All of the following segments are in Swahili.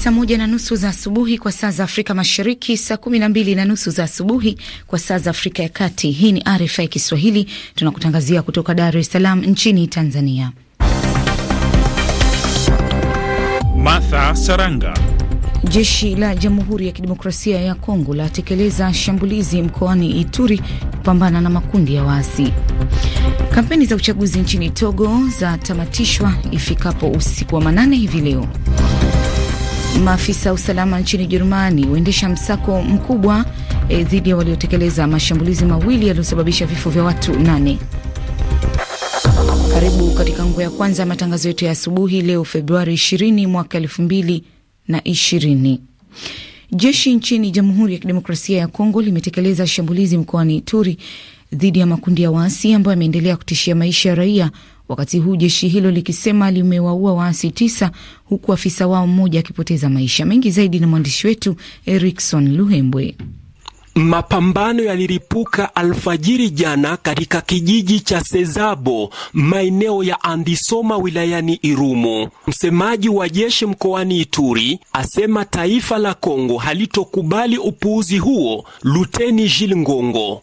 saa moja na nusu za asubuhi kwa saa za Afrika Mashariki, saa kumi na mbili na nusu za asubuhi kwa saa za Afrika ya Kati. Hii ni RFI Kiswahili, tunakutangazia kutoka Dar es Salaam nchini Tanzania. Martha Saranga. Jeshi la Jamhuri ya Kidemokrasia ya Kongo latekeleza shambulizi mkoani Ituri kupambana na makundi ya waasi. Kampeni za uchaguzi nchini Togo zatamatishwa ifikapo usiku wa manane hivi leo. Maafisa usalama nchini Ujerumani huendesha msako mkubwa e, dhidi ya waliotekeleza mashambulizi mawili yaliyosababisha vifo vya watu nane. Karibu katika nguo ya kwanza ya matangazo yetu ya asubuhi leo Februari 20 mwaka 2020. Jeshi nchini Jamhuri ya Kidemokrasia ya Kongo limetekeleza shambulizi mkoani Ituri dhidi ya makundi ya waasi ambayo yameendelea kutishia maisha ya raia wakati huu jeshi hilo likisema limewaua waasi tisa huku afisa wao mmoja akipoteza maisha. Mengi zaidi na mwandishi wetu Erikson Luhembwe. Mapambano yaliripuka alfajiri jana katika kijiji cha Sezabo maeneo ya Andisoma wilayani Irumu. Msemaji wa jeshi mkoani Ituri asema taifa la Kongo halitokubali upuuzi huo. Luteni Jil Ngongo: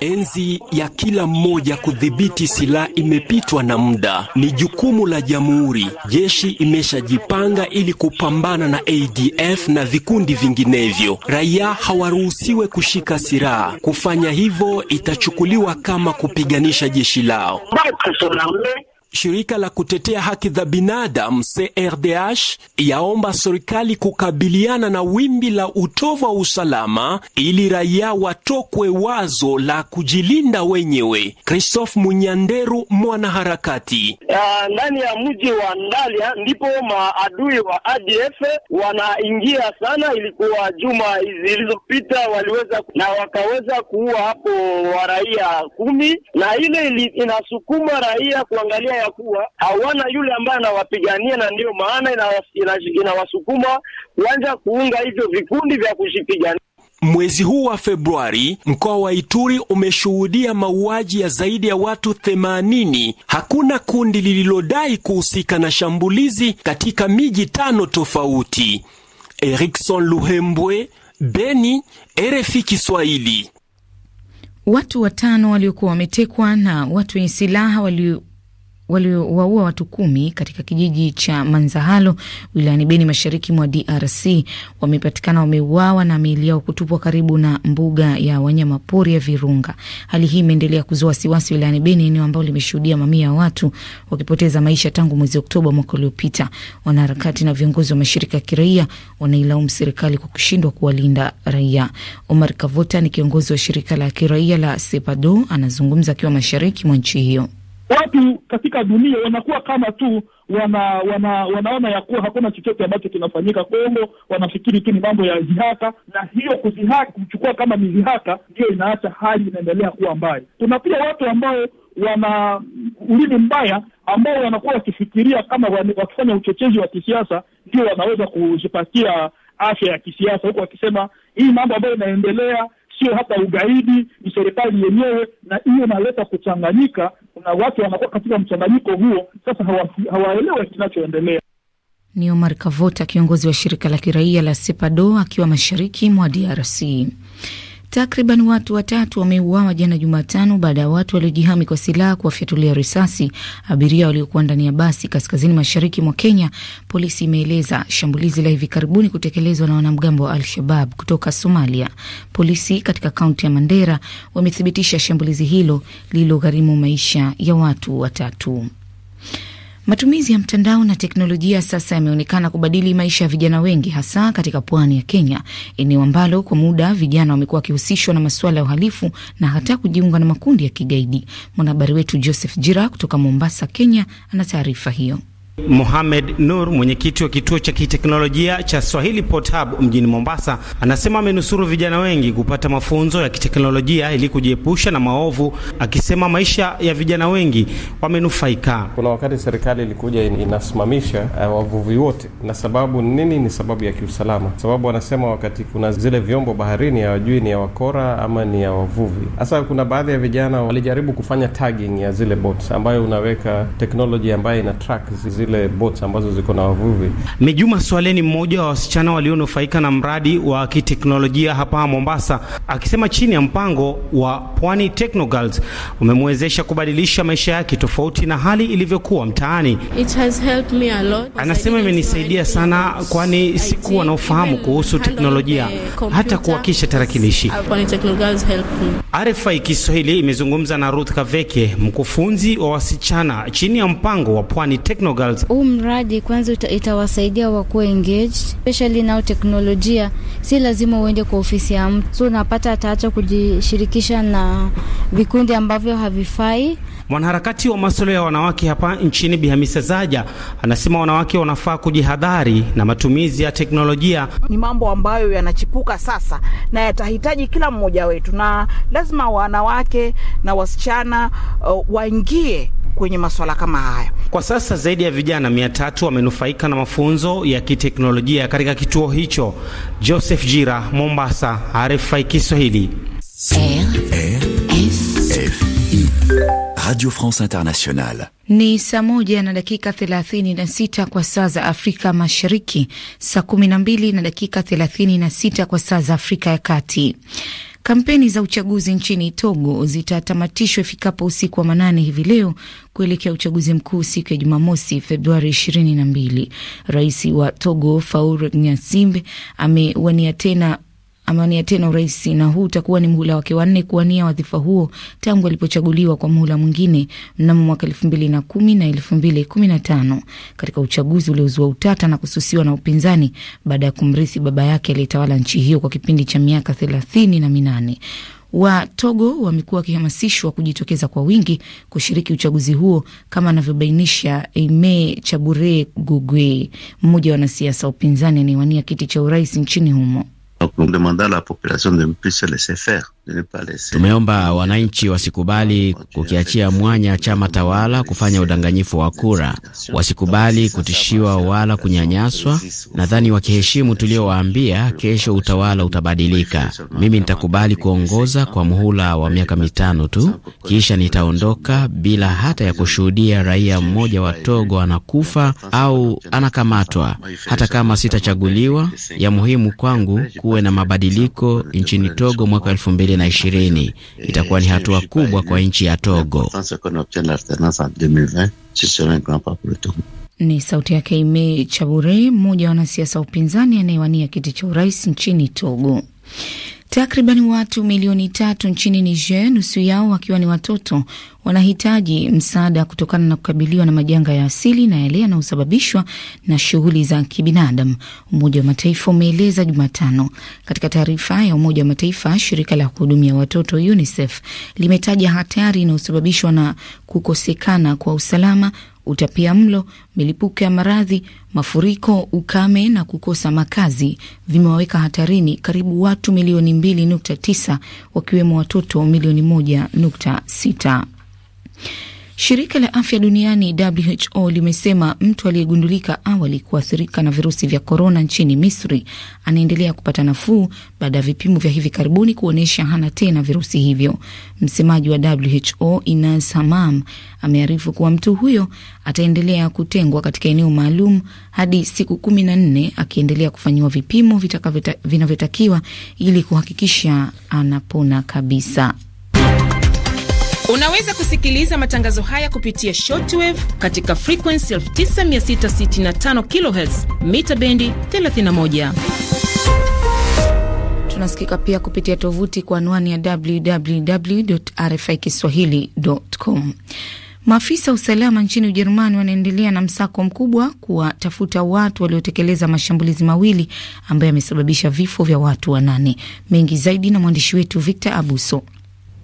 enzi ya kila mmoja kudhibiti silaha imepitwa na muda, ni jukumu la jamhuri. Jeshi imeshajipanga ili kupambana na ADF na vikundi vinginevyo. Raia hawaruhusiwe kushika silaha. Kufanya hivyo itachukuliwa kama kupiganisha jeshi lao. Shirika la kutetea haki za binadamu CRDH yaomba serikali kukabiliana na wimbi la utovu wa usalama ili raia watokwe wazo la kujilinda wenyewe. Christophe Munyanderu, mwanaharakati: ndani ya mji wa Ndalia ndipo maadui wa ADF wanaingia sana. Ilikuwa juma zilizopita waliweza na wakaweza kuua hapo wa raia kumi, na ile inasukuma raia kuangalia ya kuwa hawana yule ambaye anawapigania, na ndiyo maana inawasukuma kuanza kuunga hivyo vikundi vya kujipigania. Mwezi huu wa Februari, mkoa wa Ituri umeshuhudia mauaji ya zaidi ya watu 80. Hakuna kundi lililodai kuhusika na shambulizi katika miji tano tofauti. Erikson Luhembwe, Beni, RFI Kiswahili. Watu watano waliokuwa wametekwa na watu wenye silaha waliowaua watu kumi katika kijiji cha Manzahalo wilayani Beni mashariki mwa DRC wamepatikana wameuawa na miili yao kutupwa karibu na mbuga ya wanyamapori ya Virunga. Hali hii imeendelea kuzua wasiwasi wilayani Beni, eneo ambalo limeshuhudia mamia ya watu wakipoteza maisha tangu mwezi Oktoba mwaka uliopita. Wanaharakati na viongozi wa mashirika ya kiraia wanailaumu serikali kwa kushindwa kuwalinda raia. Omar Kavota ni kiongozi wa shirika la kiraia la Sepado, anazungumza akiwa mashariki mwa nchi hiyo watu katika dunia wanakuwa kama tu wana, wana wanaona ya kuwa hakuna chochote ambacho kinafanyika Kongo, wanafikiri tu ni mambo ya zihaka na hiyo kuzihaka kuchukua kama ni zihaka ndiyo inaacha hali inaendelea kuwa mbaya. Kuna pia watu ambao wana ulimi mbaya ambao wanakuwa wakifikiria kama wakifanya uchochezi wa kisiasa ndio wanaweza kujipatia afya ya kisiasa, huku wakisema hii mambo ambayo inaendelea sio hata ugaidi, ni serikali yenyewe, na hiyo inaleta kuchanganyika, na watu wanakuwa katika mchanganyiko huo, sasa hawaelewe kinachoendelea. Ni Omar Kavota, kiongozi wa shirika la kiraia la Sepado, akiwa mashariki mwa DRC. Takriban watu watatu wameuawa jana Jumatano baada ya watu waliojihami kwa silaha kuwafyatulia risasi abiria waliokuwa ndani ya basi kaskazini mashariki mwa Kenya, polisi imeeleza. Shambulizi la hivi karibuni kutekelezwa na wanamgambo wa Al-Shabab kutoka Somalia. Polisi katika kaunti ya Mandera wamethibitisha shambulizi hilo lililogharimu maisha ya watu watatu. Matumizi ya mtandao na teknolojia sasa yameonekana kubadili maisha ya vijana wengi, hasa katika pwani ya Kenya, eneo ambalo kwa muda vijana wamekuwa wakihusishwa na masuala ya uhalifu na hata kujiunga na makundi ya kigaidi. Mwanahabari wetu Joseph Jira kutoka Mombasa, Kenya, ana taarifa hiyo. Mohamed Nur, mwenyekiti wa kituo cha kiteknolojia cha Swahili Port Hub mjini Mombasa, anasema amenusuru vijana wengi kupata mafunzo ya kiteknolojia ili kujiepusha na maovu, akisema maisha ya vijana wengi wamenufaika. Kuna wakati serikali ilikuja inasimamisha uh, wavuvi wote, na sababu nini? Ni sababu ya kiusalama, sababu wanasema wakati kuna zile vyombo baharini hawajui ni ya wakora ama ni ya wavuvi. Hasa kuna baadhi ya vijana walijaribu kufanya tagging ya zile boats, ambayo unaweka teknolojia ambayo ina track zile zile boats ambazo ziko na wavuvi. Mejuma Swale ni mmoja wa wasichana walionufaika na mradi wa kiteknolojia hapa Mombasa, akisema chini ya mpango wa Pwani Techno Girls umemwezesha kubadilisha maisha yake tofauti na hali ilivyokuwa mtaani. It has helped me a lot. Anasema imenisaidia sana, kwani sikuwa na ufahamu kuhusu teknolojia hata kuwakisha tarakilishi. RFI Kiswahili imezungumza na Ruth Kaveke, mkufunzi wa wasichana chini ya mpango wa Pwani Techno Girls huu mradi kwanza itawasaidia wakuwa engaged, especially nao teknolojia, si lazima uende kwa ofisi ya mtu, so unapata ataacha kujishirikisha na vikundi ambavyo havifai. Mwanaharakati wa masuala ya wanawake hapa nchini Bihamisa Zaja anasema wanawake wanafaa kujihadhari na matumizi ya teknolojia. Ni mambo ambayo yanachipuka sasa na yatahitaji kila mmoja wetu, na lazima wanawake na wasichana uh, waingie kwenye masuala kama haya. Kwa sasa zaidi ya vijana mia tatu wamenufaika na mafunzo ya kiteknolojia katika kituo hicho. Joseph Jira, Mombasa, RFI Kiswahili. Radio France Internationale. Ni saa moja na dakika sita kwa saa za Afrika Mashariki, saa kumi na dakika 36 kwa saa za Afrika ya Kati. Kampeni za uchaguzi nchini Togo zitatamatishwa ifikapo usiku wa manane hivi leo kuelekea uchaguzi mkuu siku ya Jumamosi, Februari 22. Rais wa Togo Faure Gnassingbe amewania tena amewania tena urais na huu utakuwa ni mhula wake wanne kuwania wadhifa huo tangu alipochaguliwa kwa mhula mwingine mnamo mwaka elfu mbili na kumi na elfu mbili kumi na tano katika uchaguzi uliozua utata na kususiwa na upinzani baada ya kumrithi baba yake aliyetawala nchi hiyo kwa kipindi cha miaka thelathini na minane. Wa Togo wamekuwa wakihamasishwa kujitokeza kwa wingi kushiriki uchaguzi huo kama anavyobainisha Aime Chabure Gugwe, mmoja wa wanasiasa upinzani anayewania kiti cha urais nchini humo. Donc, demandons à la population de ne plus se laisser faire. Tumeomba wananchi wasikubali kukiachia mwanya chama tawala kufanya udanganyifu wa kura, wasikubali kutishiwa wala kunyanyaswa. Nadhani wakiheshimu tuliowaambia, kesho utawala utabadilika. Mimi nitakubali kuongoza kwa muhula wa miaka mitano tu, kisha nitaondoka bila hata ya kushuhudia raia mmoja wa Togo anakufa au anakamatwa, hata kama sitachaguliwa. Ya muhimu kwangu kuwe na mabadiliko nchini Togo mwaka elfu mbili na ishirini itakuwa ni hatua kubwa kwa nchi ya Togo. Ni sauti yake Ime Chabure, mmoja wa wanasiasa wa upinzani anayewania kiti cha urais nchini Togo. Takriban watu milioni tatu nchini Niger, nusu yao wakiwa ni watoto, wanahitaji msaada kutokana na kukabiliwa na majanga ya asili na yale yanayosababishwa na shughuli za kibinadamu, Umoja wa Mataifa umeeleza Jumatano. Katika taarifa ya Umoja wa Mataifa, shirika la kuhudumia watoto UNICEF limetaja hatari inayosababishwa na kukosekana kwa usalama utapia mlo, milipuko ya maradhi, mafuriko, ukame na kukosa makazi vimewaweka hatarini karibu watu milioni 2.9 wakiwemo watoto milioni 1.6. Shirika la afya duniani WHO limesema mtu aliyegundulika awali kuathirika na virusi vya korona nchini Misri anaendelea kupata nafuu baada ya vipimo vya hivi karibuni kuonyesha hana tena virusi hivyo. Msemaji wa WHO Inas Hamam amearifu kuwa mtu huyo ataendelea kutengwa katika eneo maalum hadi siku kumi na nne akiendelea kufanyiwa vipimo vinavyotakiwa ili kuhakikisha anapona kabisa. Unaweza kusikiliza matangazo haya kupitia shortwave katika frequency 9665 kHz mita bendi 31. Tunasikika pia kupitia tovuti kwa anwani ya www.rfikiswahili.com. Maafisa wa usalama nchini Ujerumani wanaendelea na msako mkubwa kuwatafuta watu waliotekeleza mashambulizi mawili ambayo yamesababisha vifo vya watu wanane. Mengi zaidi na mwandishi wetu Victor Abuso.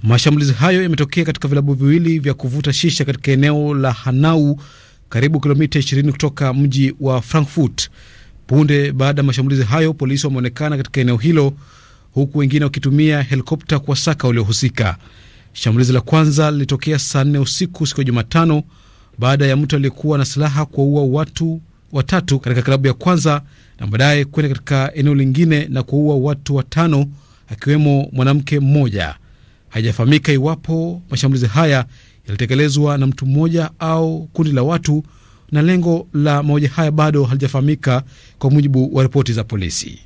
Mashambulizi hayo yametokea katika vilabu viwili vya kuvuta shisha katika eneo la Hanau, karibu kilomita 20 kutoka mji wa Frankfurt. Punde baada ya mashambulizi hayo, polisi wameonekana katika eneo hilo, huku wengine wakitumia helikopta kuwasaka waliohusika. Shambulizi la kwanza lilitokea saa nne usiku siku ya Jumatano baada ya mtu aliyekuwa na silaha kuwaua watu watatu katika klabu ya kwanza na baadaye kwenda katika eneo lingine na kuwaua watu watano akiwemo mwanamke mmoja. Haijafahamika iwapo mashambulizi haya yalitekelezwa na mtu mmoja au kundi la watu, na lengo la mauaji haya bado halijafahamika kwa mujibu wa ripoti za polisi.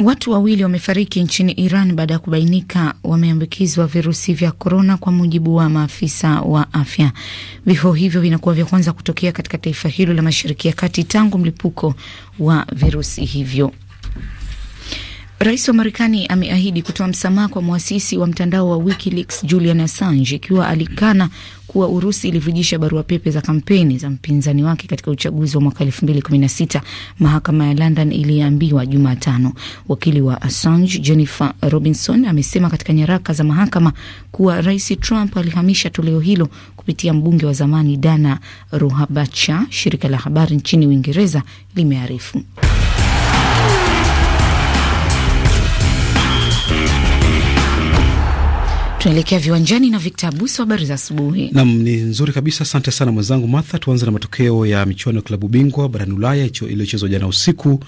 Watu wawili wamefariki nchini Iran baada ya kubainika wameambukizwa virusi vya korona, kwa mujibu wa maafisa wa afya. Vifo hivyo vinakuwa vya kwanza kutokea katika taifa hilo la Mashariki ya Kati tangu mlipuko wa virusi hivyo. Rais wa Marekani ameahidi kutoa msamaha kwa mwasisi wa mtandao wa WikiLeaks Julian Assange ikiwa alikana kuwa Urusi ilivujisha barua pepe za kampeni za mpinzani wake katika uchaguzi wa mwaka 2016. Mahakama ya London iliambiwa Jumatano. Wakili wa Assange Jennifer Robinson amesema katika nyaraka za mahakama kuwa Rais Trump alihamisha toleo hilo kupitia mbunge wa zamani Dana Ruhabacha, Shirika la habari nchini Uingereza limearifu Tunaelekea viwanjani na Victor Abuso. Habari za asubuhi. Nam ni nzuri kabisa, asante sana mwenzangu Martha. Tuanze na matokeo ya michuano ya klabu bingwa barani Ulaya iliyochezwa jana usiku.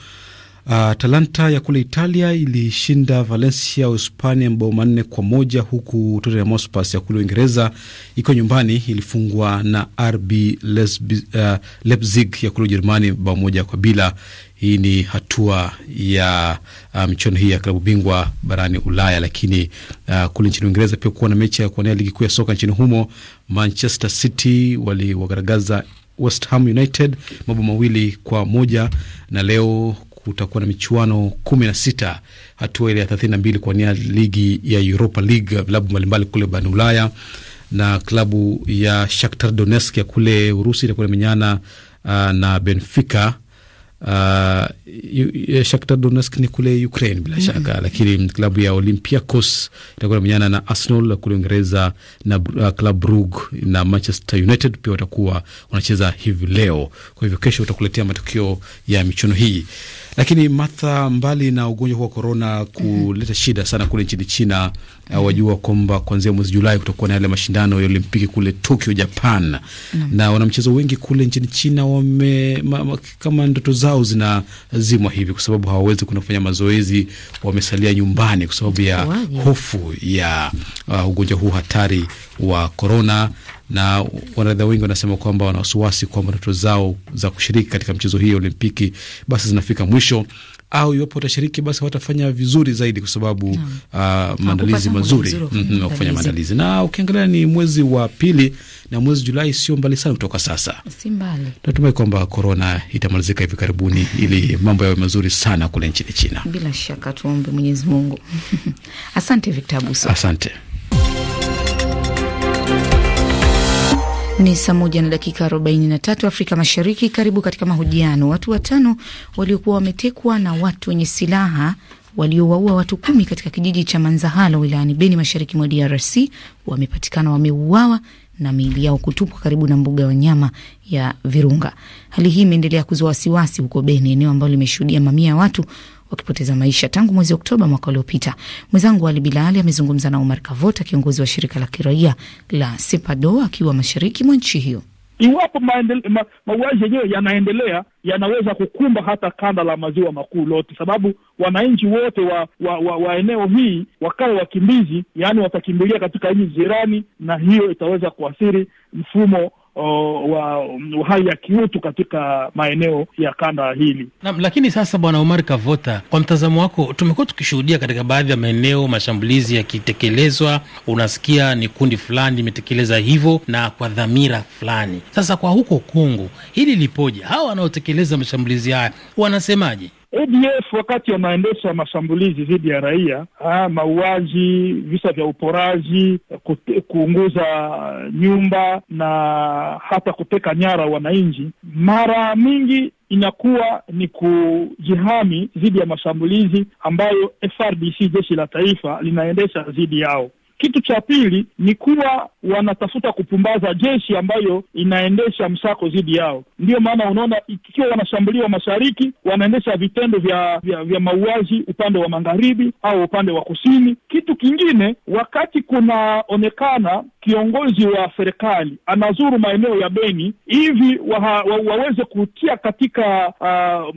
Uh, ah, Talanta ya kule Italia ilishinda Valencia Uhispania mabao manne kwa moja huku Tottenham Hotspur ya kule Uingereza ikiwa nyumbani ilifungwa na RB ah, Leipzig ya kule Ujerumani bao moja kwa bila. Hii ni hatua ya uh, michuano um, hii ya klabu bingwa barani Ulaya. Lakini uh, kule nchini Uingereza pia kuwa na mechi ya kuwania ligi kuu ya soka nchini humo. Manchester City waliwagaragaza West Ham United mabao mawili kwa moja na leo kutakuwa na michuano kumi na sita hatua ile ya thelathini na mbili kuwania ligi ya Europa League, vilabu mbalimbali kule barani Ulaya na klabu ya Shakhtar Donetsk ya kule Urusi itakuwa inamenyana uh, na Benfica Uh, Shakhtar Donetsk ni kule Ukraine bila mm -hmm. shaka, lakini klabu ya Olympiacos itakuwa inamenyana na Arsenal kule Uingereza na uh, Club Brugge na Manchester United pia watakuwa wanacheza hivi leo. Kwa hivyo kesho utakuletea matokeo ya michuano hii. Lakini Martha, mbali na ugonjwa huu wa korona kuleta shida sana kule nchini China, uh, wajua kwamba kuanzia mwezi Julai kutakuwa na yale mashindano ya Olimpiki kule Tokyo, Japan mm. na wanamchezo wengi kule nchini China wame ma, ma, kama ndoto zao zinazimwa hivi, kwa sababu hawawezi kuna kufanya mazoezi, wamesalia nyumbani kwa sababu ya hofu ya uh, ugonjwa huu hatari wa korona na wanariadha wengi wanasema kwamba wana wasiwasi kwamba ndoto zao za kushiriki katika mchezo hii ya Olimpiki basi zinafika mwisho au iwapo watashiriki basi watafanya vizuri zaidi, kwa sababu uh, maandalizi mazuri mm, kufanya maandalizi. Na ukiangalia ni mwezi wa pili na mwezi Julai sio mbali sana kutoka sasa. Natumai kwamba korona itamalizika hivi karibuni, ili mambo yawe mazuri sana kule nchini China. Bila shaka tuombe Mwenyezi Mungu. Asante Victor Abuso, asante. Ni saa moja na dakika 43 Afrika Mashariki. Karibu katika mahojiano. Watu watano waliokuwa wametekwa na watu wenye silaha waliowaua watu kumi katika kijiji cha Manzahalo wilayani Beni, mashariki mwa DRC wamepatikana wameuawa na miili yao kutupwa karibu na mbuga ya wanyama ya Virunga. Hali hii imeendelea kuzua wasiwasi huko Beni, eneo ambalo limeshuhudia mamia ya watu wakipoteza maisha tangu mwezi Oktoba mwaka uliopita. Mwenzangu Ali Bilali amezungumza na Omar Kavota, kiongozi wa shirika la kiraia la SEPADO akiwa mashariki mwa nchi hiyo. Iwapo mauaji yenyewe yanaendelea, yanaweza kukumba hata kanda la maziwa makuu lote, sababu wananchi wote wa, wa, wa, wa eneo hii wakawe wakimbizi, yaani watakimbilia katika nchi jirani, na hiyo itaweza kuathiri mfumo o, wa uhai um, ya kiutu katika maeneo ya kanda hili. Naam, lakini sasa Bwana Omar Kavota, kwa mtazamo wako, tumekuwa tukishuhudia katika baadhi ya maeneo mashambulizi yakitekelezwa, unasikia ni kundi fulani limetekeleza hivyo na kwa dhamira fulani. Sasa kwa huko Kongo hili lipoje? Hawa wanaotekeleza mashambulizi haya wanasemaje? ADF wakati wanaendesha mashambulizi dhidi ya raia, ah, mauaji, visa vya uporaji, kuunguza nyumba na hata kuteka nyara wananchi, mara mingi inakuwa ni kujihami dhidi ya mashambulizi ambayo FRDC jeshi la taifa linaendesha dhidi yao. Kitu cha pili ni kuwa wanatafuta kupumbaza jeshi ambayo inaendesha msako dhidi yao. Ndiyo maana unaona ikiwa wanashambuliwa mashariki, wanaendesha vitendo vya vya, vya mauaji upande wa magharibi au upande wa kusini. Kitu kingine, wakati kunaonekana kiongozi wa serikali anazuru maeneo ya Beni hivi wa, waweze kutia katika uh,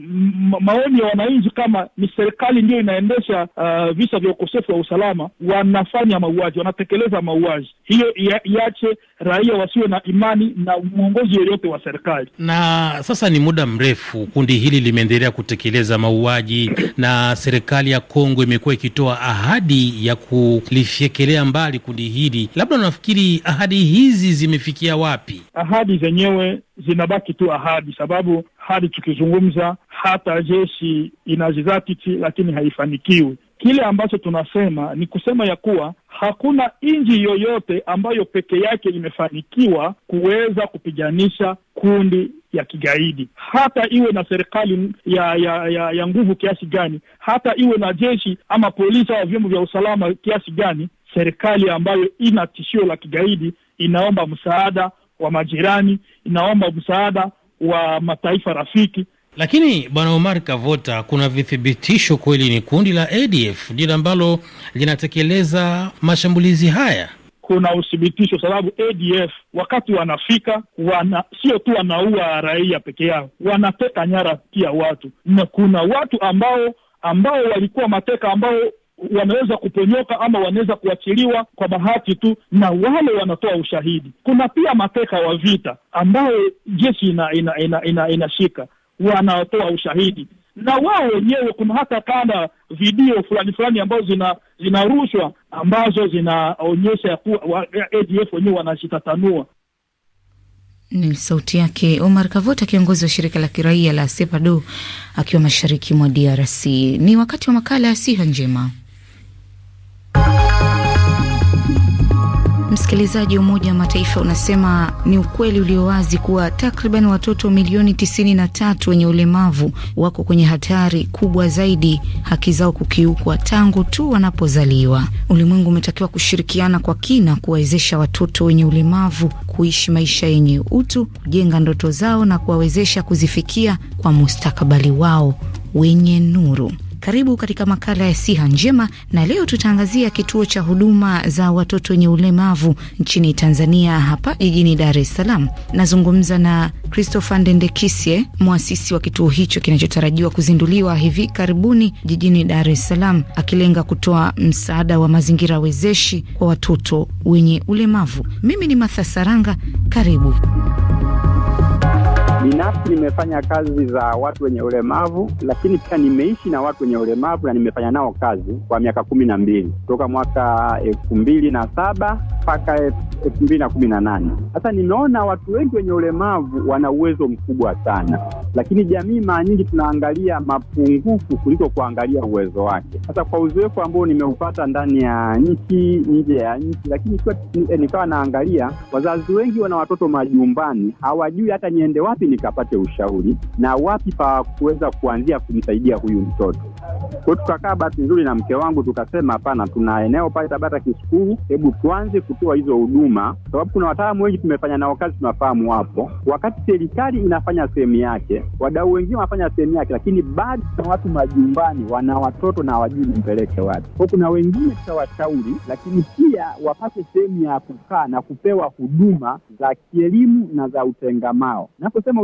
maoni ya wananchi kama ni serikali ndiyo inaendesha uh, visa vya ukosefu wa usalama, wanafanya mauaji mauaji, wanatekeleza mauaji. Hiyo iache raia wasiwe na imani na mwongozi yoyote wa serikali. Na sasa ni muda mrefu kundi hili limeendelea kutekeleza mauaji, na serikali ya Kongo imekuwa ikitoa ahadi ya kulifyekelea mbali kundi hili. Labda unafikiri ahadi hizi zimefikia wapi? Ahadi zenyewe zinabaki tu ahadi, sababu hadi tukizungumza hata jeshi inajizatiti, lakini haifanikiwi. Kile ambacho tunasema ni kusema ya kuwa hakuna nchi yoyote ambayo peke yake imefanikiwa kuweza kupiganisha kundi ya kigaidi, hata iwe na serikali ya ya ya, ya nguvu kiasi gani, hata iwe na jeshi ama polisi au vyombo vya usalama kiasi gani. Serikali ambayo ina tishio la kigaidi inaomba msaada wa majirani, inaomba msaada wa mataifa rafiki lakini bwana Omar Kavota, kuna vithibitisho kweli ni kundi la ADF ndilo ambalo linatekeleza mashambulizi haya? Kuna uthibitisho sababu ADF wakati wanafika wana sio tu wanaua raia peke yao, wanateka nyara pia watu, na kuna watu ambao ambao walikuwa mateka ambao wanaweza kuponyoka ama wanaweza kuachiliwa kwa bahati tu, na wale wanatoa ushahidi. Kuna pia mateka wa vita ambao jeshi ina inashika ina, ina, ina, ina wanatoa ushahidi na wao wenyewe. Kuna hata kanda video fulani fulani ambazo zina zinarushwa ambazo zinaonyesha ya kuwa ADF wenyewe wanajitatanua. Ni sauti yake Omar Kavota, kiongozi wa shirika la kiraia la SEPADO akiwa mashariki mwa DRC. Ni wakati wa makala ya siha njema. Msikilizaji, Umoja wa Mataifa unasema ni ukweli ulio wazi kuwa takriban watoto milioni 93 wenye ulemavu wako kwenye hatari kubwa zaidi haki zao kukiukwa tangu tu wanapozaliwa. Ulimwengu umetakiwa kushirikiana kwa kina kuwawezesha watoto wenye ulemavu kuishi maisha yenye utu, kujenga ndoto zao na kuwawezesha kuzifikia kwa mustakabali wao wenye nuru. Karibu katika makala ya siha njema, na leo tutaangazia kituo cha huduma za watoto wenye ulemavu nchini Tanzania, hapa jijini Dar es Salaam. Nazungumza na Christopher Ndendekisye, mwasisi wa kituo hicho kinachotarajiwa kuzinduliwa hivi karibuni jijini Dar es Salaam, akilenga kutoa msaada wa mazingira wezeshi kwa watoto wenye ulemavu. Mimi ni matha Saranga, karibu. Binafsi nimefanya kazi za watu wenye ulemavu, lakini pia nimeishi na watu wenye ulemavu na nimefanya nao kazi kwa miaka kumi na mbili kutoka mwaka elfu mbili na saba mpaka elfu mbili na kumi na nane. Sasa nimeona watu wengi wenye ulemavu wana uwezo mkubwa sana, lakini jamii mara nyingi tunaangalia mapungufu kuliko kuangalia uwezo wake. Sasa kwa uzoefu ambao nimeupata ndani ya nchi, nje ya nchi, lakini eh, nikawa naangalia wazazi wengi wana watoto majumbani, hawajui hata niende wapi nikapate ushauri na wapi pa kuweza kuanzia kumsaidia huyu mtoto. Kwa hiyo tukakaa bahati nzuri na mke wangu tukasema, hapana, tuna eneo pale Tabata Kisukuru, hebu tuanze kupewa hizo huduma, sababu kuna wataalamu wengi tumefanya nao kazi, tunafahamu wapo. Wakati serikali inafanya sehemu yake, wadau wengine wanafanya sehemu yake, lakini bado na watu majumbani wana watoto na wajui mpeleke wapi. Kwa kuna wengine tutawashauri, lakini pia wapate sehemu ya kukaa na kupewa huduma za kielimu na za utengamao. Naposema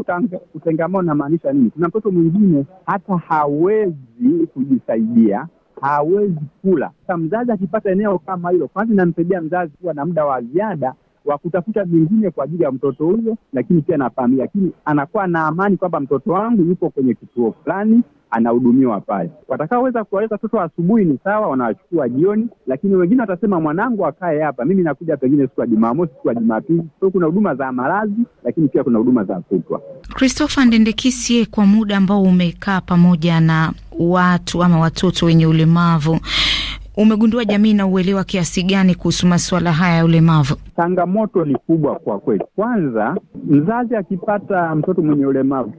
utengamao namaanisha nini? Kuna mtoto mwingine hata hawezi kujisaidia hawezi kula. sa mzazi akipata eneo kama hilo, kwanza inamsaidia mzazi kuwa na muda wa ziada wa kutafuta vingine kwa ajili ya mtoto huyo, lakini pia na familia, lakini anakuwa na amani kwamba mtoto wangu yuko kwenye kituo fulani anahudumiwa pale. Watakaoweza kuwaleta watoto asubuhi ni sawa, wanawachukua jioni, lakini wengine watasema mwanangu akae hapa, mimi nakuja pengine siku ya Jumamosi, siku ya Jumapili. So kuna huduma za malazi, lakini pia kuna huduma za kutwa. Christopher Ndendekisie, kwa muda ambao umekaa pamoja na watu ama watoto wenye ulemavu umegundua jamii na uelewa kiasi gani kuhusu masuala haya ya ulemavu? Changamoto ni kubwa kwa kweli. Kwanza, mzazi akipata mtoto mwenye ulemavu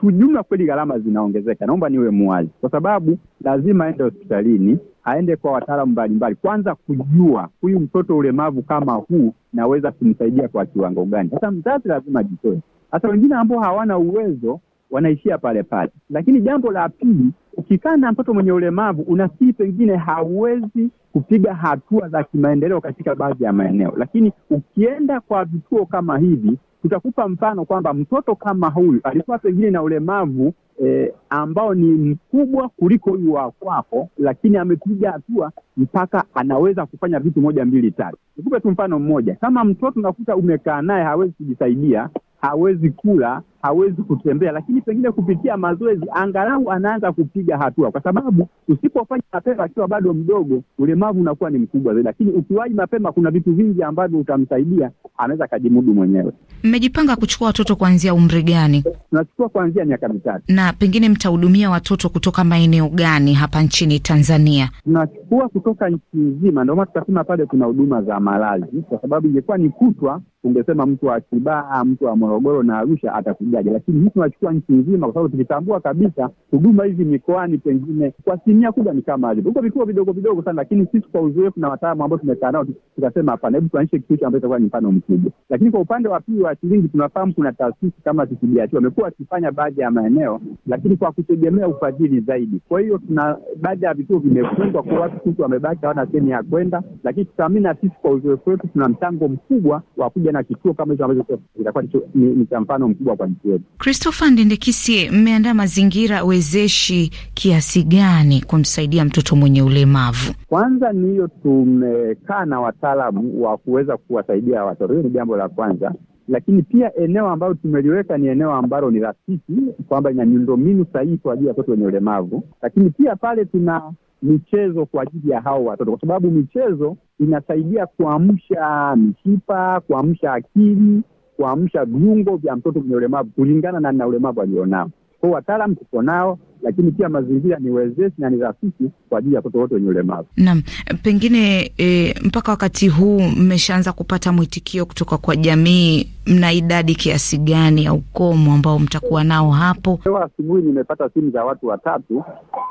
Kiujumla kweli gharama zinaongezeka, naomba niwe muwazi, kwa sababu lazima aende hospitalini, aende kwa wataalamu mbalimbali, kwanza kujua huyu mtoto ulemavu kama huu naweza kumsaidia kwa kiwango gani. Sasa mzazi lazima ajitoe. hasa wengine ambao hawana uwezo wanaishia pale pale. Lakini jambo la pili, ukikaa na mtoto mwenye ulemavu unasii pengine hauwezi kupiga hatua za kimaendeleo katika baadhi ya maeneo, lakini ukienda kwa vituo kama hivi tutakupa mfano kwamba mtoto kama huyu alikuwa pengine na ulemavu e, ambao ni mkubwa kuliko huyu wa kwako, lakini amepiga hatua mpaka anaweza kufanya vitu moja mbili tatu. Nikupe tu mfano mmoja, kama mtoto unakuta umekaa naye hawezi kujisaidia, hawezi kula hawezi kutembea, lakini pengine kupitia mazoezi angalau anaanza kupiga hatua, kwa sababu usipofanya mapema akiwa bado mdogo, ulemavu unakuwa ni mkubwa zaidi. Lakini ukiwaji mapema, kuna vitu vingi ambavyo utamsaidia, anaweza akajimudu mwenyewe. Mmejipanga kuchukua watoto kuanzia umri gani? Tunachukua kuanzia miaka mitatu. Na pengine mtahudumia watoto kutoka maeneo gani hapa nchini Tanzania? Tunachukua kutoka nchi nzima, ndio maana tutasema pale kuna huduma za malazi, kwa sababu ingekuwa ni kutwa, ungesema mtu wa Kibaha, mtu wa Morogoro na Arusha ataku ufugaji, lakini hii tunachukua nchi nzima, kwa sababu tukitambua kabisa huduma hizi mikoani pengine kwa asilimia kubwa ni kama hivi, huko vituo vidogo vidogo sana, lakini sisi kwa uzoefu na wataalamu ambao tumekaa nao tukasema, hapana, hebu tuanishe kituo hicho ambacho itakuwa ni mfano mkubwa. Lakini kwa upande wa pili wa shilingi, tunafahamu kuna taasisi kama CCBRT wamekuwa wakifanya baadhi ya maeneo, lakini kwa kutegemea ufadhili zaidi. Kwa hiyo tuna baadhi ya vituo vimefungwa, kwa watu sisi wamebaki hawana sehemu ya kwenda, lakini tutaamini na sisi kwa uzoefu wetu tuna mchango mkubwa wa kuja na kituo kama hicho ambacho itakuwa ni cha mfano mkubwa kwa nchi mzuri. Christopher Ndendekisi, mmeandaa mazingira wezeshi kiasi gani kumsaidia mtoto mwenye ulemavu? Kwanza ni hiyo, tumekaa na wataalamu wa kuweza kuwasaidia watoto, hiyo ni jambo la kwanza lakini pia eneo ambalo tumeliweka ni eneo ambalo ni rafiki, kwamba ina miundombinu sahihi kwa ajili ya watoto wenye ulemavu. Lakini pia pale tuna michezo kwa ajili ya hao watoto, kwa sababu michezo inasaidia kuamsha mishipa, kuamsha akili kuamsha viungo vya mtoto mwenye ulemavu kulingana na na ulemavu alionao. Kwa wataalamu tuko nao lakini pia mazingira ni wezeshi na ni rafiki kwa ajili ya watoto wote wenye ulemavu. Naam, pengine e, mpaka wakati huu mmeshaanza kupata mwitikio kutoka kwa jamii, mna idadi kiasi gani ya ukomo ambao mtakuwa nao hapo? Leo asubuhi nimepata simu za watu watatu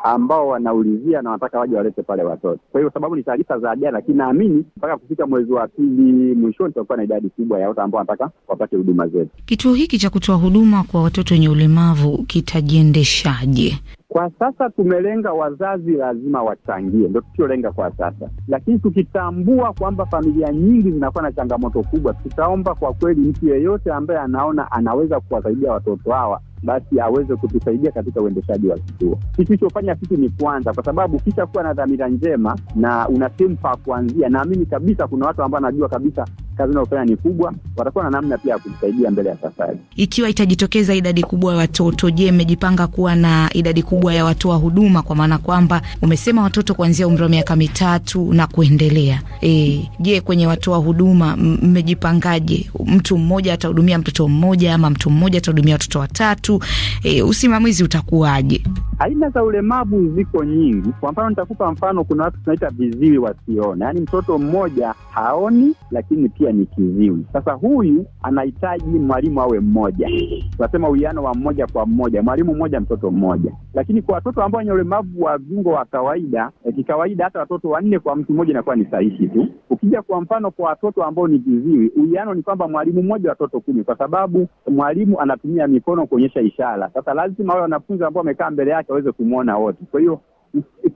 ambao wanaulizia na wanataka waje walete pale watoto. Kwa hiyo sababu ni taarifa za jana, lakini naamini mpaka kufika mwezi wa pili mwishoni tutakuwa na idadi kubwa ya watu ambao wanataka wapate huduma zetu. Kituo hiki cha kutoa huduma kwa watoto wenye ulemavu kitajiendeshaje? Kwa sasa tumelenga wazazi, lazima wachangie, ndo tusiolenga kwa sasa, lakini tukitambua kwamba familia nyingi zinakuwa na changamoto kubwa, tutaomba kwa kweli mtu yeyote ambaye anaona anaweza kuwasaidia watoto hawa basi aweze kutusaidia katika uendeshaji wa kituo. ichofanya sisi ni kwanza, kwa sababu kisha kuwa na dhamira njema na una sehemu pa kuanzia, naamini kabisa kuna watu ambao anajua kabisa kazi inayofanya ni kubwa, watakuwa na namna pia ya kujisaidia mbele ya safari. Ikiwa itajitokeza idadi kubwa ya watoto, je, mmejipanga kuwa na idadi kubwa ya watoa huduma? Kwa maana kwamba umesema watoto kuanzia umri wa miaka mitatu na kuendelea. E, je, kwenye watoa huduma mmejipangaje? Mtu mmoja atahudumia mtoto mmoja ama mtu mmoja atahudumia watoto watatu? E, usimamizi utakuwaje? Aina za ulemavu ziko nyingi. Kwa mfano, nitakupa mfano, kuna watu tunaita viziwi wasiona, yaani mtoto mmoja haoni, lakini pia moja ni kiziwi. Sasa huyu anahitaji mwalimu awe mmoja, tunasema uwiano wa mmoja kwa mmoja, mwalimu mmoja, mtoto mmoja. Lakini kwa watoto ambao wenye ulemavu wa viungo wa kawaida, e, kikawaida hata watoto wanne kwa mtu mmoja inakuwa ni sahihi tu. Ukija kwa mfano kwa watoto ambao ni kiziwi, uwiano ni kwamba mwalimu mmoja, watoto kumi, kwa sababu mwalimu anatumia mikono kuonyesha ishara. Sasa lazima wale wanafunzi ambao wamekaa mbele yake waweze kumwona wote. Kwa hiyo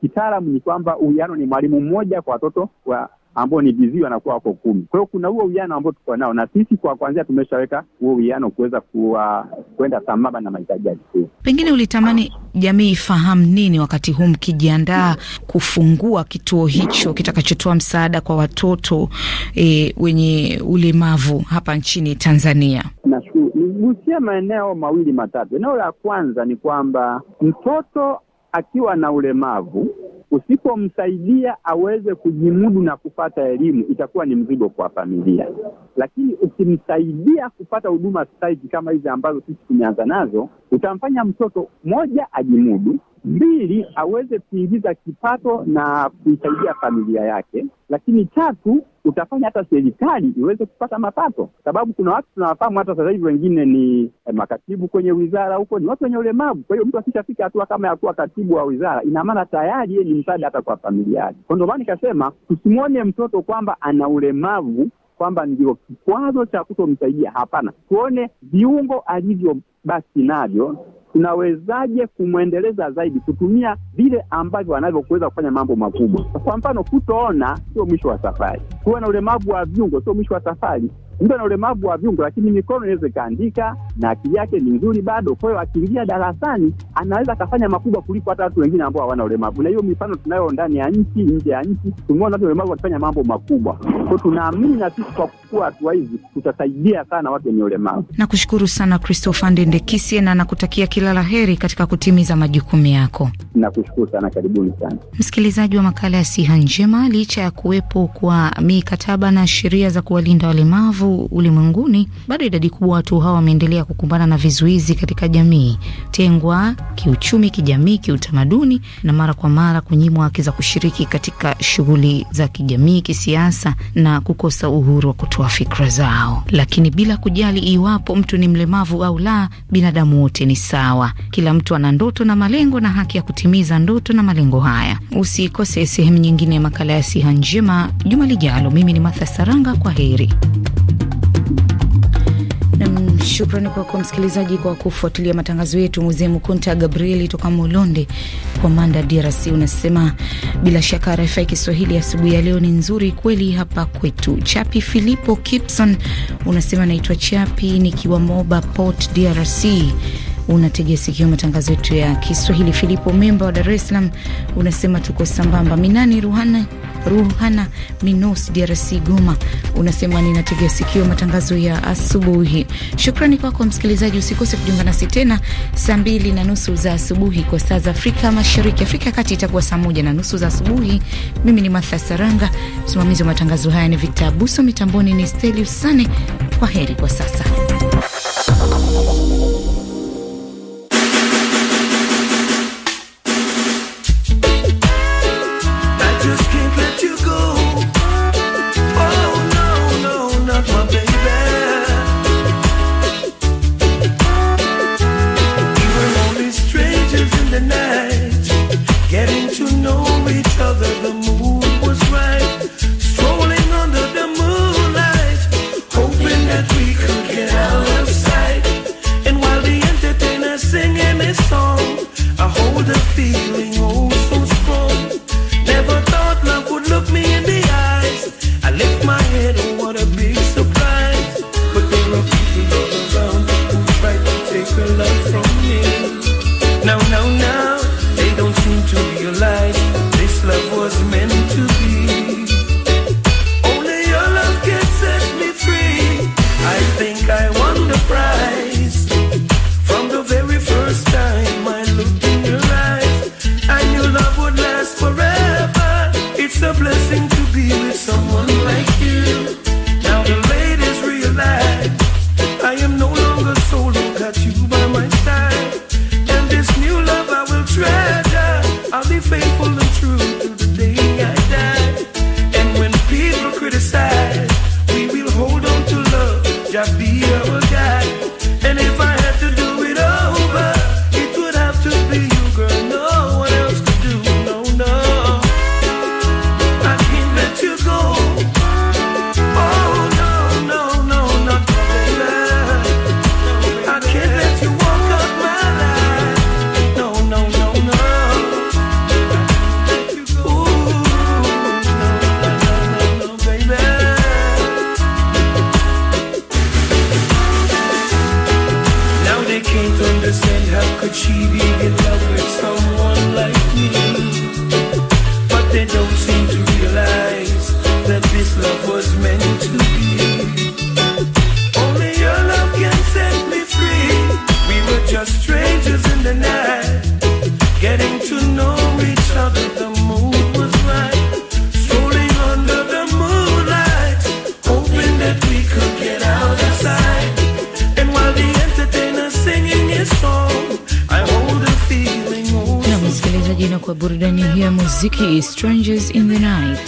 kitaalamu ni kwamba uwiano ni mwalimu mmoja kwa watoto wa ambao ni bizi wanakuwa wako kumi. Kwa hiyo kuna huo uwiano ambao tuko nao, na sisi kwa kwanzia tumeshaweka huo uwiano kuweza kuwa kwenda sambamba na mahitaji ya jamii. Pengine ulitamani jamii ifahamu nini wakati huu mkijiandaa kufungua kituo hicho kitakachotoa msaada kwa watoto e, wenye ulemavu hapa nchini Tanzania? Nashukuru nigusia maeneo mawili matatu. Eneo la kwanza ni kwamba mtoto akiwa na ulemavu Usipomsaidia aweze kujimudu na kupata elimu, itakuwa ni mzigo kwa familia, lakini ukimsaidia kupata huduma stahiki kama hizi ambazo sisi tumeanza nazo, utamfanya mtoto moja ajimudu Mbili, aweze kuingiza kipato na kuisaidia familia yake. Lakini tatu, utafanya hata serikali iweze kupata mapato, sababu kuna watu tunawafahamu hata sasa hivi, wengine ni eh, makatibu kwenye wizara huko ni watu wenye ulemavu. Kwa hiyo mtu akishafika hatua kama ya kuwa katibu wa wizara, ina maana tayari yeye ni msaada hata kwa familia yake. Kwa ndio maana nikasema tusimwone mtoto kwamba ana ulemavu kwamba ndio kikwazo cha kutomsaidia. Hapana, tuone viungo alivyo basi navyo tunawezaje kumwendeleza zaidi, kutumia vile ambavyo anavyoweza kufanya mambo makubwa. Kwa mfano, kutoona sio mwisho wa safari, kuwa na ulemavu wa viungo sio mwisho wa safari mtu ana ulemavu wa viungo, lakini mikono inaweza ikaandika na akili yake ni nzuri bado. Kwa hiyo akiingia darasani anaweza akafanya makubwa kuliko hata watu wengine ambao hawana ulemavu, na hiyo mifano tunayo ndani ya nchi, nje ya nchi, tumeona watu ulemavu wakifanya mambo makubwa. Kwa tunaamini na sisi kwa kuchukua hatua hizi tutasaidia sana watu wenye ulemavu. Nakushukuru sana Christopher Ndendekisye na nakutakia kila la heri katika kutimiza majukumu yako. Nakushukuru sana, karibuni sana msikilizaji wa makala ya Siha Njema. Licha ya kuwepo kwa mikataba na sheria za kuwalinda walemavu ulimwenguni, bado idadi kubwa watu hawa wameendelea kukumbana na vizuizi katika jamii, tengwa kiuchumi, kijamii, kiutamaduni na mara kwa mara kunyimwa haki za kushiriki katika shughuli za kijamii, kisiasa na kukosa uhuru wa kutoa fikra zao. Lakini bila kujali iwapo mtu ni mlemavu au la, binadamu wote ni sawa. Kila mtu ana ndoto na malengo na haki ya kutimiza ndoto na malengo haya. Usikose sehemu nyingine ya makala ya Siha Njema juma lijalo. Mimi ni Matha Saranga, kwa heri. Shukrani kwako msikilizaji kwa kufuatilia matangazo yetu. Mzee Mkunta Gabrieli toka Molonde kwa Manda, DRC, unasema bila shaka RFI Kiswahili asubuhi ya leo ni nzuri kweli hapa kwetu. Chapi Filipo Kipson unasema naitwa Chapi nikiwa Moba Port, DRC unategea sikio matangazo yetu ya Kiswahili. Filipo Memba wa Dar es Salaam unasema tuko sambamba. Minani Ruhana, Ruhana Minos DRC Goma unasema ninategea sikio matangazo ya asubuhi. Shukrani kwako kwa msikilizaji, usikose kujiunga nasi tena saa mbili na nusu za asubuhi kwa saa za Afrika Mashariki. Afrika ya Kati itakuwa saa moja na nusu za asubuhi. Mimi ni Martha Saranga, msimamizi wa matangazo haya ni Victor Abuso, mitamboni ni Stelius Sane. Kwa heri kwa sasa. the night, getting to know each other.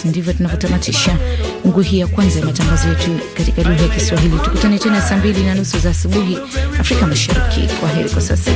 ndivyo tunavyotamatisha ngu hii ya kwanza ya matangazo yetu katika lugha ya Kiswahili. Tukutane tena saa mbili na nusu za asubuhi Afrika Mashariki. Kwa heri kwa sasa.